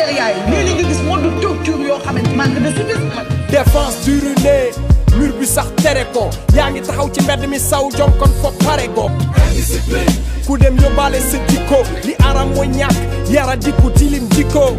commissariat yi léeg-léeg nga bi sax tere ko yaa ngi taxaw ci mbedd mi saw jom kon pare ko ku dem yóbbaale sa jikko li aram mooy ñàkk yara jikko tilim jikko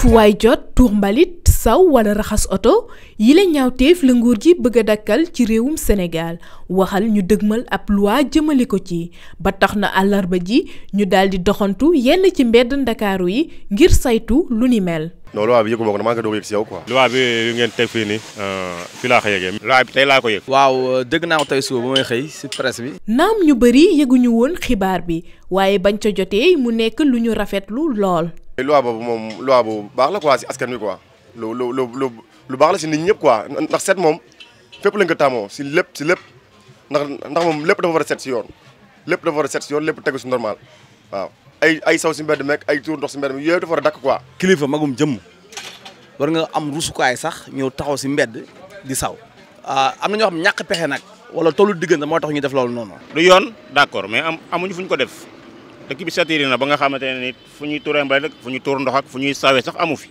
fu waay jot tuur mbalit saw wala raxas oto yi la ñaawteef la nguur gi bëgg a dakkal ci réewum Sénégal waxal ñu dëgmal ab loi jëmale ko ci ba tax na àllarba ji ñu daal di doxantu yenn ci mbedd ndakaaru yi ngir saytu lu ni mel. non loi bi yëgu ma ko damaa ko doog a yëg si yow quoi. loi bi ngeen teg fii nii euh, fii laa ko yëgee. loi bi tey laa ko yëg. waaw euh, dëgg naa ko tey suba ba may xëy si presse bi. naam ñu bëri yëguñu woon xibaar bi waaye bañ ca jotee mu nekk lu ñu rafetlu lool. loi boobu lu lu lu lu lo baax la si nit ñëpp quoi ndax set moom fépp lañ ko tàmmoo si lépp si lépp ndax ndax moom lépp dafa war set si yoon lépp dafa war a set si yoon lépp tegu si normal waaw ay ay saw si mbedd meeg ay tuur ndox si mbedd mi yooyu dafa war a dakk quoi. kilifa magum jëmm war nga am rusukaay sax ñëw taxaw si mbedd di saw. Ah, am na ñoo xam ñàkk pexe nag wala tollu diggante moo tax ñu def loolu noonu. du yoon d'accord mais am amuñu fu ñu ko def dëkk bi saturé ba nga xamante nit fu ñuy mbay rek fu ñuy ndox ak fu ñuy sax amu fi.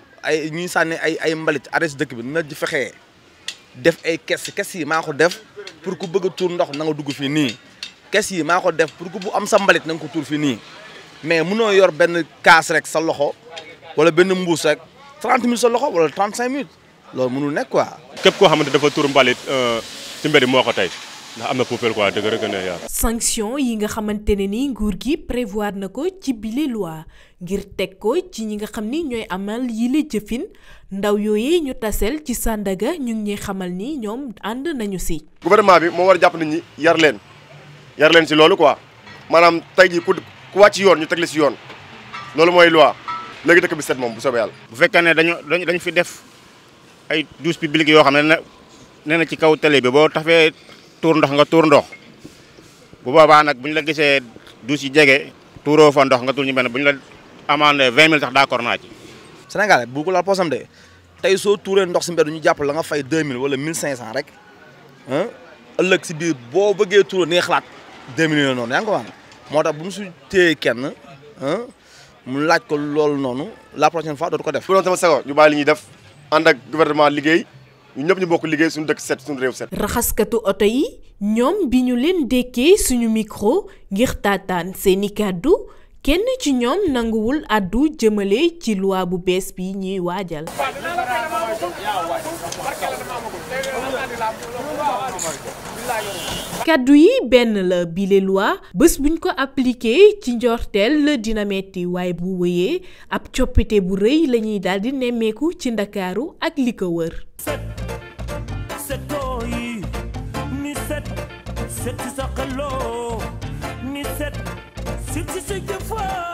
ay ñu sànni ay ay mbalit arrêté dëkk bi na di fexee def ay kes kes yi maa ko def pour ku bëgg a tuur ndox na nga dugg fii nii kes yi maa ko def pour ku bu am sa mbalit na ko tuur fii nii mais mënoo yor benn kaas rek sa loxo wala benn mbuus rek 30 minutes sa loxo wala 35 minutes loolu mënul nekk quoi. képp koo xamante dafa tuur mbalit euh, ci mberi moo ko tey. ndax amna na quoi deug rek ne yaa. sanction yi nga xamantene ni nguur gi prévoir nako ci bile loi ngir tek ko ci ñi nga xamni ñoy amal yi yile jëfine ndaw yoyé ñu tassel ci Sandaga ñu ngi xamal ni ñom and nañu ci gouvernement bi mo war japp nit ñi yar leen yar leen ci lolu quoi manam tay jii ku ku wacc yoon ñu teg la si yoon lolu moy loi léegi dekk bi set mom bu sobe yàlla. bu fekkane dañu dañu fi def ay 12 public yo xamne ne ci kaw télé bi bo taxé tour ndox nga tour ndox bu baba nak buñ la gisé du ci djégé touro fa ndox nga tour ñu benn buñ la amande 20000 sax d'accord na ci. Sénégal bu ko la posam dé tay so touré ndox ci mbedd ñu japp la nga fay 2000 wala 1500 rek hein ëlëk ci biir bo bëggé tour ni xalat 2000 la non ya nga wax motax buñ su téye kenn hein mu laaj ko lool nonu la prochaine fois do ko def. bu doon sama sago ñu bàyyi li ñuy def and ak gouvernement liggéey. ñu bokk liggéey suñu dëkk set raxaskatu oto yi ñoom bi ñu leen dékkee suñu mikro ngir taataan seeni kàddu kenn ci ñoom nanguwul àddu jëmale ci loi bu bees bi ñuy waajal. kàddu yi benn la bile loi bés buñ ko appliqué ci njorteel dina metti waaye bu wéyee ab coppite bu rëy lañuy daldi daal nemmeeku ci ndakaaru ak li ko wër. set